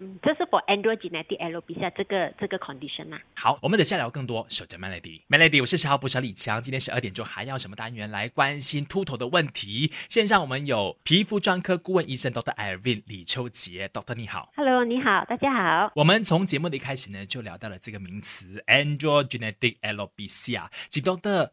嗯，這是 for androgenetic alopecia 啊，這個這個 condition 啊。好，我們等下聊更多，守着 Melody。Melody，我是十號補小李強。今天十二點鐘，還要什麼單元來關心禿頭的問題？線上我們有皮膚專科顧問醫生 Doctor Irene 李秋杰。Doctor 你好，Hello，你好，大家好。我們從節目的一開始呢，就聊到了這個名詞 androgenetic alopecia，其中的。